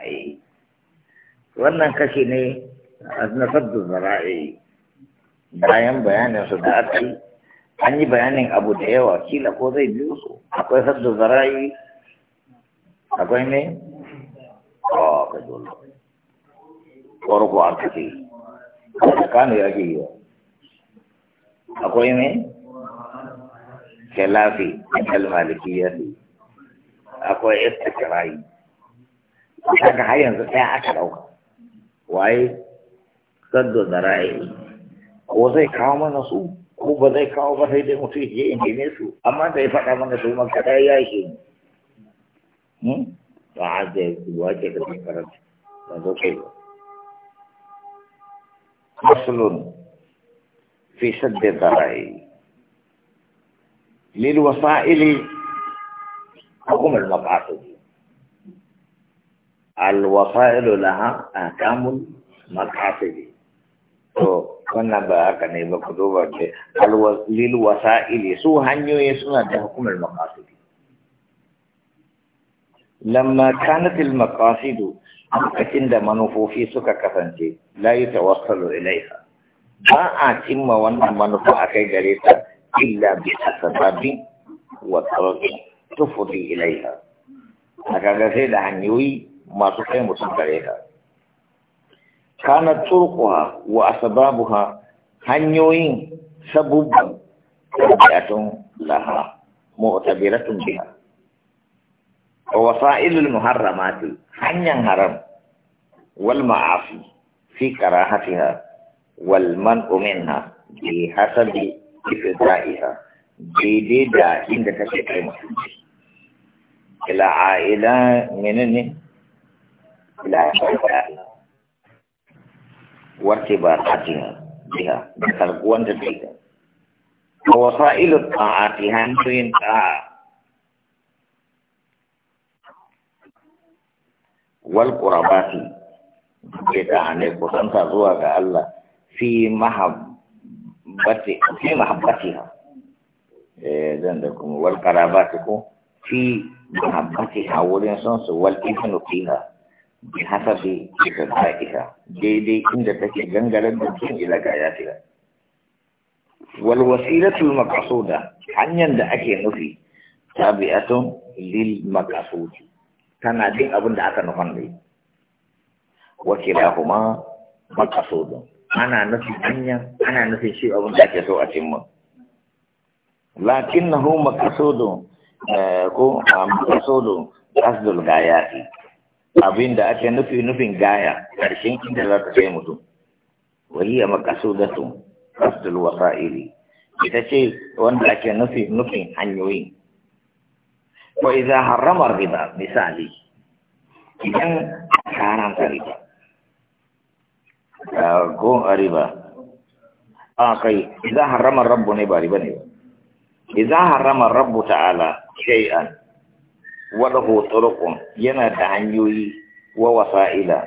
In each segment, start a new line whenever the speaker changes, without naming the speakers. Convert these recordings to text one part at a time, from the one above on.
ai wannan kashi ne na saddu zara'i bayan bayanin su da aka yi an yi bayanin abu da yawa kila ko zai biyo su akwai saddu zara'i akwai ne a ah, ka dole ƙwarko a kashi a kano ya ke wa? akwai ne kelafi a kalmaliki ya akwai istikirai kaga har yanzu ɗaya aka ɗauka waye saddo da ra'ayi ko zai kawo mana su ko ba zai kawo ba sai dai mutum je in neme su amma da ya faɗa mana su ma kada ya yi shi ba a da wace da zai karanta ba zo kai ba faslun fi sadda da ra'ayi lil wasa'ili hukumar maqasid الوسائل لها أحكام مقاصد to wannan ba haka ne ba ku duba ke alwasil wasa'ili su hanyoyi suna da hukumar maqasidi lamma kanat al maqasidu lokacin da manufofi suka kasance la yatawassalu ilaiha ba a cimma wannan manufa akai gare ta illa bi asbabin wa tarqi tufdi ilaiha haka ga sai da hanyoyi masu kai mutum gare ka kana turkuwa wa asbabuha hanyoyin sabubban tabi'atun laha mu'tabiratun biha wa wasailul muharramati hanyan haram wal ma'afi fi karahatiha wal man'u minha bi hasabi ifda'iha daidai da inda take kai mutum ila ila menene wartibar hatinya ya dasar kuan ketiga kuasa ilut taat dihantuin taat wal kurabati kita ane kusan sarua ke Allah fi mahab bati fi mahab eh dan wal karabati ku fi mahab bati hawulian sonsu wal ibnu kihah bi hasabi kisan ta'ika daidai inda take gangaren da jin ilaga ya tira wal wasilatul maqsuda hanyar da ake nufi tabi'atun lil maqsud tana bin abin da aka nufan dai wa kilahuma maqsudun ana nufin hanya ana nufin shi abin da ake so a cimma lakinnahu maqsudun ko maqsudun qasdul gayati abin da ake nufi nufin gaya ƙarshen inda za ta kai mutum wahiyar makasudatu kasdul wasa'ili ita ce wanda ake nufi nufin hanyoyi ko iza haramar riba misali idan aka haramta riba ko riba a kai iza haramar rabbu ne ba riba ne ba iza haramar rabbu ta'ala shay'an وله طرق يناد عنيوي ووسائل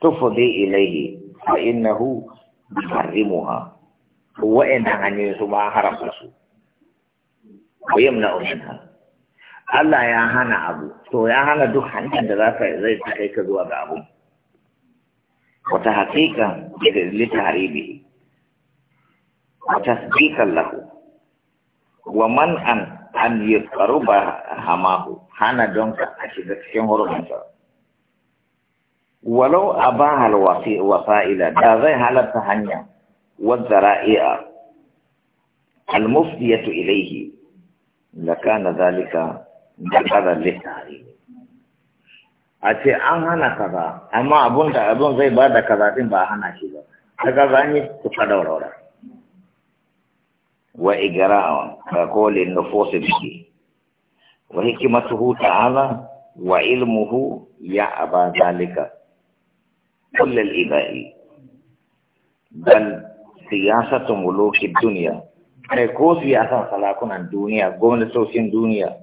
تفضي إليه فإنه يحرمها وإن عنيوي ما حرم رسول ويمنع منها Allah ya hana abu, to ya hana duk hanyar da za zai ta kai ka zuwa ga abu. Wata haƙiƙa da lita haribi, wata haƙiƙan lahu, wa man an an yi karuba hamahu hana don ka a shiga cikin hurumunsa walau a ba wasa'ila da zai halarta hanya wadda ra'i'a almufdiyatu ilaihi kana zalika da kadar littari a ce an hana kaza amma abun abun zai ba da kaza din ba hana shi ba ta kaza ne ku fada وإجراء فقول النفوس به وحكمته تعالى وعلمه يا أبا ذلك كل الإباء بل سياسة ملوك الدنيا أي كو سياسة صلاكنا الدنيا قوم سوسين الدنيا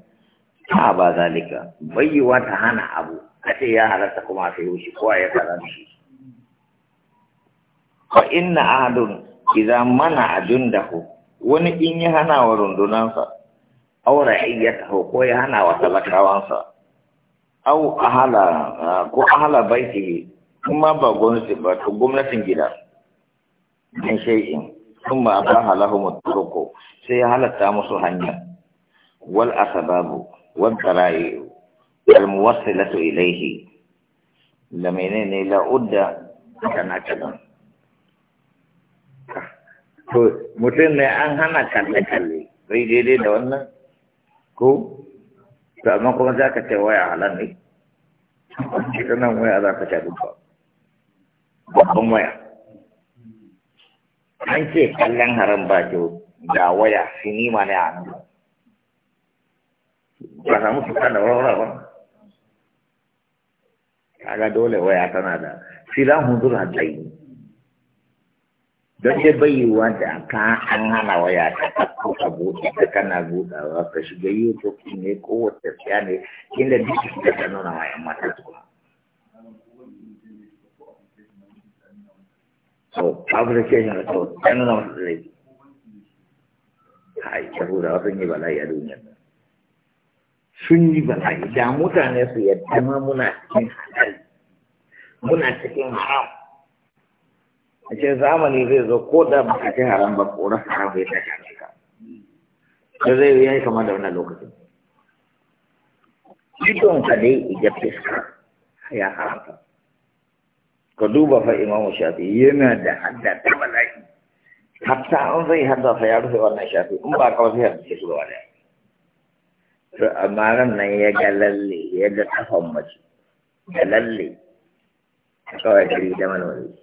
أبا ذلك بي هانا أبو أتي يا هلتكما في وشي كواية كرانشي فإن أهد إذا منع جنده wani in ya hana wa rundunansa aw ra'iyatahu ko ya hana wa talakawansa au ahala ko ahala baitihi kuma ba gwamnati ba to gwamnatin gida min sun ba a ba halahu turuq sai ya halatta musu hanya wal asababu, wal tarayi, wal muwassilatu ilaihi. da menene la'udda kana kadan to mutum ne an hana kalle-kalle kai daidai da wannan ko to amma kuma za ka ce waya halar ne cikin nan waya za ka ce dubba babban waya an ce kallon haram ba ke da waya sinima ne a nan ba samu suka da warwara ba kaga dole waya tana da filan hundur hadayi don dai bayyuwa da ka an hana waya ta ɗauko ka buɗe ta kana buɗawa ka shiga youtube ne ko wata siya ne inda duk da ta nuna wayan mata tukuna so application to ta nuna masu zai hai yahudawa sun yi bala'i a duniyar sun yi bala'i da mutane su yadda ma muna cikin halal muna cikin haram a ce zamani zai zo ko da bukatun haram ba koran haram bai tashi a cika da zai yi yayi kama da wannan lokacin idon ka dai iga fiska ya haramta ka duba fa imamu shafi yana da hadda ta bala'i hatta an zai hadda fa ya rufe wannan shafi in ba kawai ya hadda shi gaba daya to amma ran nan ya ga lalle ya ga kafan mace da lalle kawai gari da manoli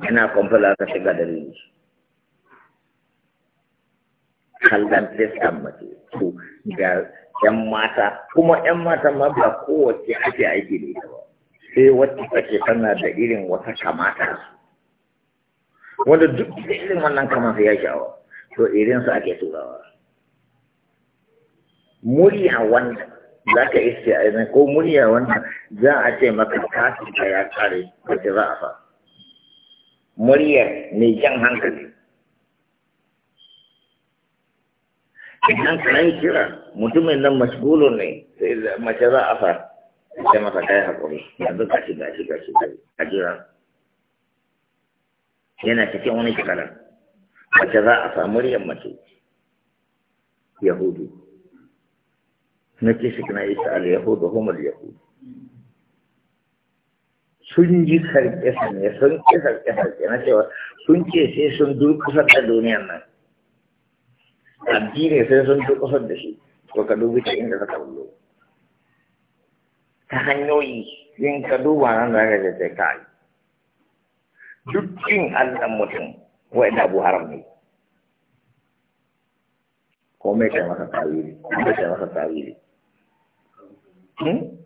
yana kwamfula ka shiga da rini kallon fiskan mace to ga yan mata kuma yan mata ma ba kowace ake aiki ne ba sai wacce take tana da irin wata kamata wanda duk irin wannan kamata ya shawo. to irin su ake turawa murya wanda za ka iske a ko murya wanda za a ce maka kafin da ya kare wacce za a faru muryar mai jan hankali idan ka kira mutumin nan mashgulo ne sai mace za a fara sai masa kai haƙuri yanzu gashi gashi gashi a jira yana cikin wani shekarar mace za a samu muryar mace yahudu na ce shi kana isa al-yahudu humul yahudu sun ji sarƙe ne sun ce sarƙe-sarƙe na cewa sun ce sai sun durkusar da duniyan nan addini sai sun durkusar da shi ko ka dubi ta inda ka bullo ta hanyoyi yin ka duba nan da ka jajjai ce kai dukkin allan mutum wa ina abu haram ne komai kai masa tawili komai kai masa tawili hmm?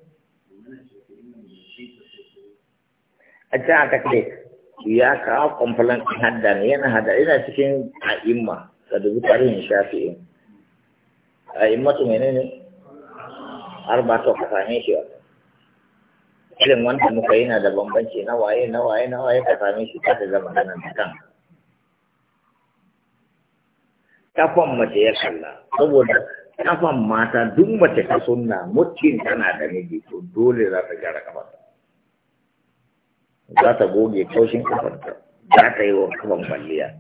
a can aka ce ya kawo kwamfalan hadda ne yana hada Ina cikin a'imma ka dubi tarihin ne a'immatu menene arbato ka ne shi wata irin wanda muka yana da bambanci na waye na waye na waye ka same shi ta da zama nan da kan kafan mace ya kalla saboda kafan mata duk mace ta sunna mutum tana da miji to dole za ta gyara kafan za ta goge kaushin kafarta za ta yi wa kafan kwalliya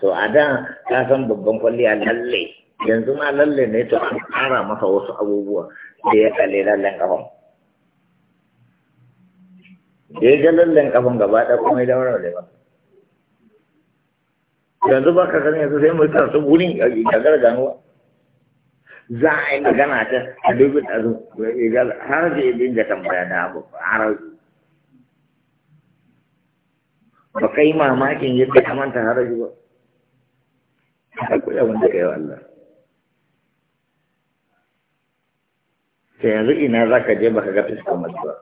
to a da ka san babban kwalliya lalle yanzu ma lalle ne to an kara masa wasu abubuwa da ya kalle lallen kafan da ya ga lallen kafan gaba ɗaya kuma ya daura da ba yanzu ba ka san yanzu sai mai tsara su wurin gagar ganuwa za a yi magana ta a dubi ɗazu har da ya dinga tambaya da abu a ba kai mamakin yadda ya manta haraji ba akwai abin da ka yi wa Allah ta yanzu ina za ka je baka ga fuskar mace ba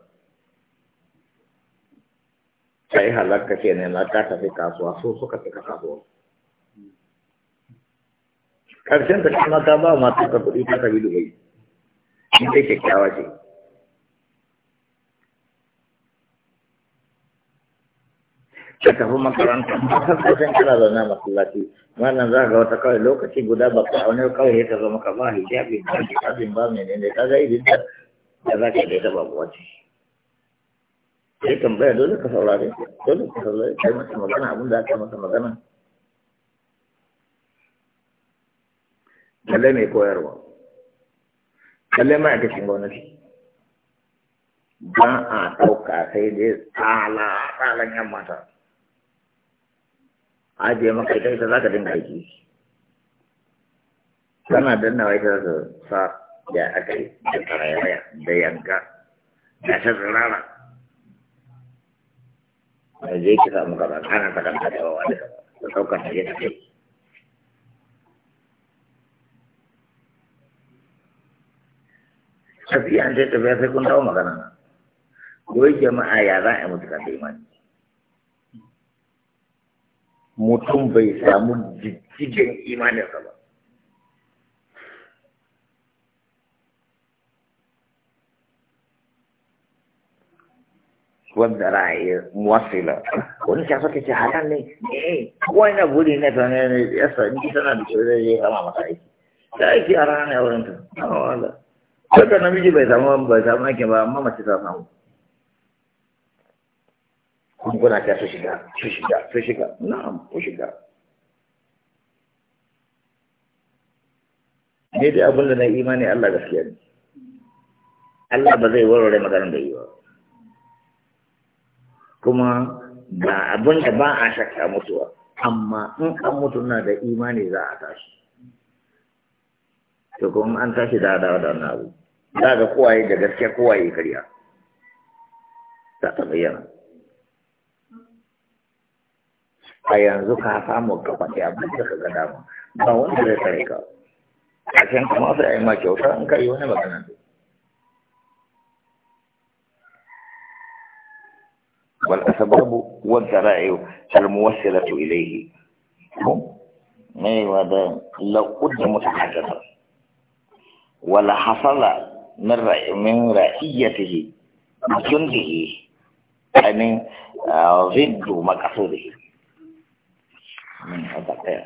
sai halarka ke ne na tafi kasuwa so suka fi kasuwa ƙarshen ta kuma ta ba matuka ta kuɗi ta tafi dubai in dai kyakkyawa ce ka tafi makaranta ba san kana zaune a masallaci wannan za ga wata kawai lokaci guda ba ka wani kawai ya ta zama ka ba hijabi ba hijabin ba mai ne ka ga idin ta da za ka daita babu wace sai tambaya dole ka saurare dole ka saurare kai masa magana abin da aka masa magana kalle mai koyarwa kalle ma'aikacin gwamnati ba a ɗauka sai dai tsala tsalan yan mata ajiye maka ita ita za ka dinga aiki tana dannawa ita su sa ya aka yi da tsarayaya da yanka da ta tsirara da zai kisa muka ba ana ta kanta da yawa da ɗaukar ta je ta kai tafiya an ce tafiya sai kun dawo magana na goyi jama'a ya za a yi mutu kan da imani mutum bai samu jijjigen imaninsa ba wanda ra'ayi muwasila wani shafa ta ce halan ne eh wani na guri na ta ne ya sa ni tana da shi zai kama masa aiki ta aiki a rana ne a wala. ta wala daga namiji bai samu bai samu aiki ba amma mace ta samu kun kuna ta su shiga su shiga su shiga na'am ku shiga ne da abin da na imani Allah gaskiya ne Allah ba zai warware maganar da yi ba kuma ba abin da ba a shakka mutuwa amma in an mutu na da imani za a tashi to kuma an tashi da da na abu za ga kowaye da gaskiya kowaye karya za ta bayyana a yanzu ka samu ka faɗi abin da ka ga dama ba wanda zai tsare ka a can kuma sai a yi ma kyauta in ka yi wani magana والأسباب والذرائع الموصلة إليه أيوة ده لو قدمت حاجة ولا حصل من رأي من رأيته جنده يعني ضد مقصوده 嗯，好宝贝